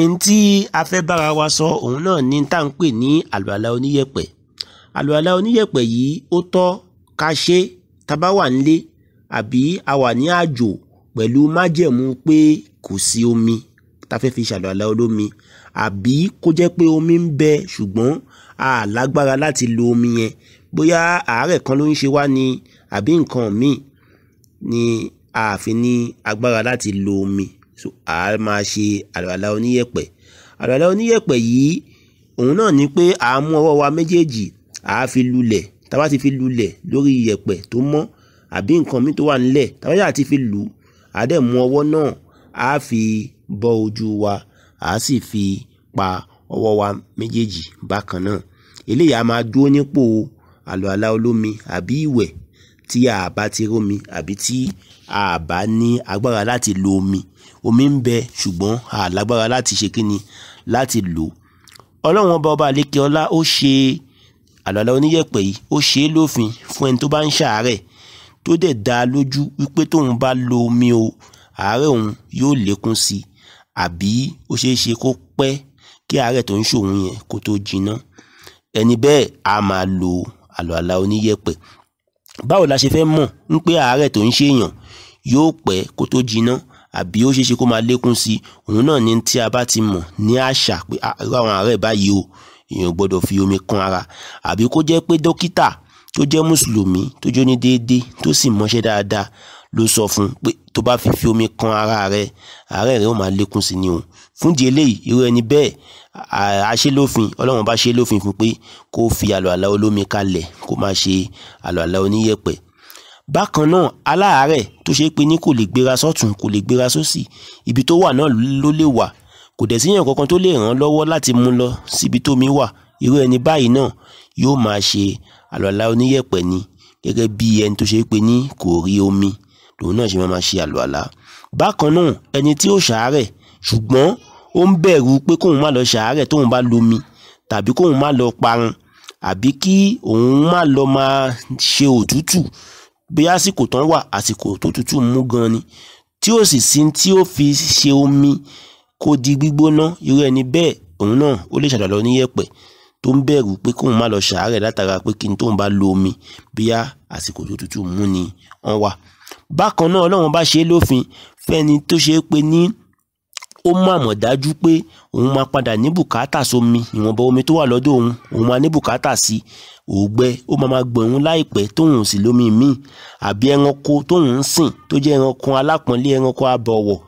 ntí afẹ́bára wa sọ òun náà ní tá à ń pè ní àlùwàlá oníyẹ̀pẹ̀ àlùwàlá oníyẹ̀pẹ̀ yìí ó tọ́ ká ṣe tábá wà nílé àbí a wà ní àjò pẹ̀lú májẹ̀mú pé kò sí omi tá a fẹ́ fi ṣàlùwàlá olómi àbí kó jẹ́ pé omi ń bẹ ṣùgbọ́n a lágbára láti lo omi yẹn bóyá àárẹ̀ kan ló ń ṣe wá ni àbí nǹkan míì ni a ní agbára láti lo omi so a máa ṣe àlùwàlá oníyẹ̀pẹ̀ àlùwàlá oníyẹ̀pẹ̀ yìí òun náà ni pé a mú ọwọ́ wa méjèèjì a fi lulẹ̀ tá bá ti fi lulẹ̀ lórí iyẹ̀pẹ̀ tó mọ́ àbí nǹkan mi tó wà nílẹ̀ tá yà ti fi lù á dẹ̀ mú ọwọ́ náà a fi bọ ojú wa a sì fi pa ọwọ́ wa méjèèjì bákan náà eléyìí a máa dúró nípò àlùwàlá olómi àbí ìwẹ̀ tí a bá ti rómi àbí tí a bá ní agbára láti lo omi omi ń bẹ ṣùgbọ́n a lágbára láti ṣe kíni láti lò ọlọ́run ọba ọba àlékè ọlá ó ṣe àlọ́lá oníyẹ̀pẹ̀ yìí ó ṣe é lófin fún ẹni tó bá ń ṣàárẹ̀ tó dẹ̀ dá lójú wípé tóun bá lo omi o àárẹ̀ òun yóò lékún sí i àbí ó ṣeé ṣe kó pẹ́ kí àárẹ̀ tó ń ṣòun yẹn kó tó jinná ẹni bẹ́ẹ̀ a máa lo àlọ́lá oníyẹ̀pẹ̀ báwo la ṣe fẹ́ mọ̀ ń pé àárẹ̀ tó ń ṣèyàn yóò pẹ́ kó tó jiná àbí ó ṣeéṣe kó máa lékún sí òun náà ni tí a bá ti mọ̀ ní àṣà pé irú àwọn àárẹ̀ báyìí o èèyàn gbọ́dọ̀ fi omi kan ara àbí kó jẹ́ pé dókítà tó jẹ́ mùsùlùmí tó jóni déédéé tó sì mọṣẹ́ dáadáa ló sọ fún un pé tó bá fi fi omi kan ara rẹ àárẹ̀ rẹ ó máa lékún sí ni o fúndìí eléyìí irú ẹni bẹ́ẹ̀ àṣelófin ọlọ́run bá ṣe lófin fún pé kó fi àlọ́àlá olómi kalẹ̀ kó má ṣe àlọ́àlá oníyẹ̀pẹ̀ bákan náà aláàárẹ̀ tó ṣe pé ní kò lè gbéra sọ́tún kò lè gbéra sósì ibi tó wà náà ló lè wà kò dẹ̀ síyàn kankan tó lè ràn án lọ́wọ́ láti mú lọ síbi tómi wà irú ẹni báyìí náà yóò máa ṣe àlọ́àlá oníyẹ̀pẹ̀ ni gẹ́gẹ́ bí ẹni tó ṣe pé ní kò rí omi lòun náà ṣe máa máa ṣe àlùwàlá bákan náà ẹni tí ó ṣàárẹ̀ ṣùgbọ́n ó ń bẹ̀rù pé kóun má lọ ṣàárẹ̀ tóun bá lomi tàbí kóun má lọ parun àbí kí òun má lọ máa ṣe òtútù bí àsìkò tán wà àsìkò tó tútù mú gan ni tí ó sì sí tí ó fi ṣe omi kó di gbígbóná irú ẹni bẹ́ẹ̀ òun náà ó lè ṣàdàlọ́ ní yẹ̀pẹ̀ tó ń bẹ̀rù pé kóun má lọ ṣàárẹ̀ látara pé kí n tóun bá lo omi bíyá àsìkò tó tútù mú ni wọ́n wà bákan náà ọlọ́run bá ṣe é lófin fẹ́ni tó ṣe é pé ní ó mọ̀ àmọ̀ dájú pé òun máa padà ní bùkátà sómi ìwọ̀nba omi tó wà lọ́dọ̀ òun òun máa ní bùkátà sí òògbẹ ó máa máa gbọ̀n òun láìpẹ́ tóun sì lómi míì àbí ẹranko tóun ń sìn tó jẹ́ ẹranko alápọ̀nlé ẹranko abọ̀wọ̀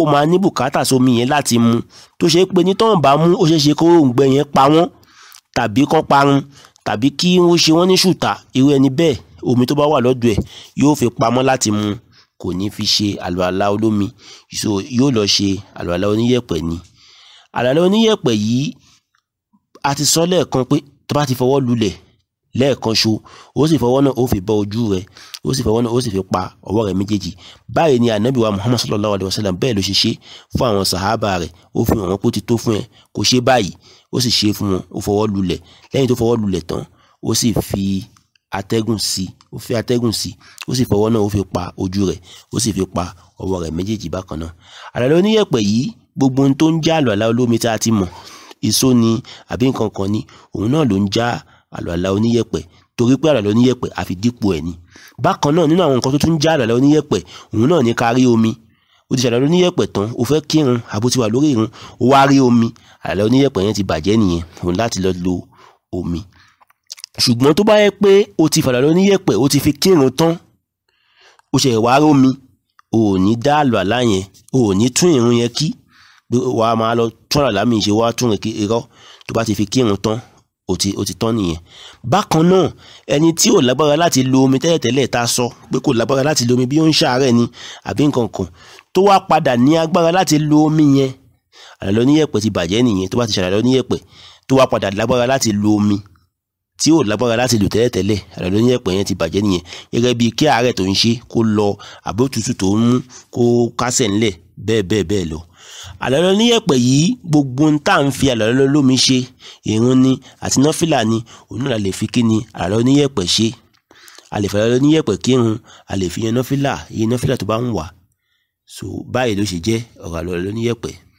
ó máa ní bùkátà sómi yẹn láti mu tó ṣe pé ní bá mú ó ṣeé ṣe kó òǹgbẹ yẹn pa wọ́n tàbí kán parun tàbí kí wọ́n ṣe wọ́n ní ṣùtà irú ẹni bẹ́ẹ̀ omi tó bá wà lọ́dọ̀ ẹ̀ yóò fi pamọ́ láti mu kò ní fi ṣe àlùwàlá olómi so yóò lọ ṣe àlùwàlá oníyẹ̀pẹ̀ ni àlùwàlá oníyẹ̀pẹ̀ yìí a ti sọ lẹ́ẹ̀kan pé tó bá ti fọwọ́ lulẹ̀ lẹ́ẹ̀kan ṣo ó sì fọwọ́ náà ó fi bọ ojú rẹ̀ ó sì fọwọ́ náà ó sì fi pa ọwọ́ rẹ̀ méjèèjì báyìí ni ànábì wa muhammad sallallahu alayhi wa sallam bẹ́ẹ̀ ló ṣe ṣe fún àwọn sàhábà rẹ̀ ó fi hàn wọ́n pé ó ti tó fún ẹ kò ṣe báyìí ó sì ṣe fún wọn ó fọwọ́ lulẹ̀ lẹ́yìn tó fọwọ́ lulẹ̀ tán ó sì fi atẹ́gùn sí ó fẹ́ atẹ́gùn sí ó sì fọwọ́ náà ó fi pa ojú rẹ̀ ó sì fi pa ọwọ́ rẹ̀ méjèèjì bákan náà àlàlẹ́ oníyẹ̀pẹ̀ yìí gbogbo ohun tó ń já àlọ́ àlá olómi tá a ti mọ̀ èso ni àbí nǹkan kan ni òun náà ló ń já àlọ́ àlá oníyẹ̀pẹ̀ torí pé àlọ́ oníyẹ̀pẹ̀ àfi dípò ẹ̀ ni bákan náà nínú àwọn nǹkan tó tún já àlọ́ àlá oníyẹ̀pẹ̀ òun náà ní ká omi ó ti ṣàlàyé oníyẹ̀pẹ̀ tán ó fẹ́ kírun àbó ti wà lórí irun ó wá rí omi àlọ́ oníyẹ̀pẹ̀ yẹn ti bàjẹ́ nìyẹn òun láti lọ lo omi ṣùgbọ́n tó bá yẹ pé o ti fàlà lọ níyẹ̀pẹ̀ o ti fi kírun tán o ṣe wàá rómi o ò ní dá àlùalá yẹn o ò ní tún ìrun yẹn kí wà á máa lọ tún àlùalá mi ṣe wà á tún irọ́ tó bá ti fi kírun tán o ti o ti tán nìyẹn. bákan náà ẹni tí ò lágbára láti lo omi tẹ́lẹ̀tẹ́lẹ̀ tá a sọ pé kò lágbára láti lo omi bí ó ń ṣàárẹ̀ ni àbí nǹkan kan tó wá padà ní agbára láti lo omi yẹn àlùalá oníyẹ̀pẹ̀ ti bàjẹ́ nìyẹn tó bá ti ṣàlùalá oníyẹ̀pẹ̀ tó wá padà lágbára láti lo omi tí ò lágbára láti lò tẹ́lẹ̀tẹ́lẹ̀ àlọ́ ní ẹ̀pẹ̀ yẹn ti bàjẹ́ nìyẹn gẹ́gẹ́ bíi kí àárẹ̀ tó ń ṣe kó lọ àbí òtútù tó ń mú kó kásẹ̀ ńlẹ̀ bẹ́ẹ̀ bẹ́ẹ̀ bẹ́ẹ̀ lọ. àlọ́ ní ẹ̀pẹ̀ yìí gbogbo ń tà ń fi àlọ́ lómi ṣe ìrun ni àti nọ́fìlà ni òun náà lè fi kí ni àlọ́ ní ẹ̀pẹ̀ ṣe àlè fi àlọ́ ní ẹ̀pẹ̀ kírun àlè yẹn nọ́fìlà yẹn nọ́fìlà tó bá ń wà so báyìí ló ṣe jẹ́ ọ̀rọ̀ àlọ́ ní ẹ̀pẹ̀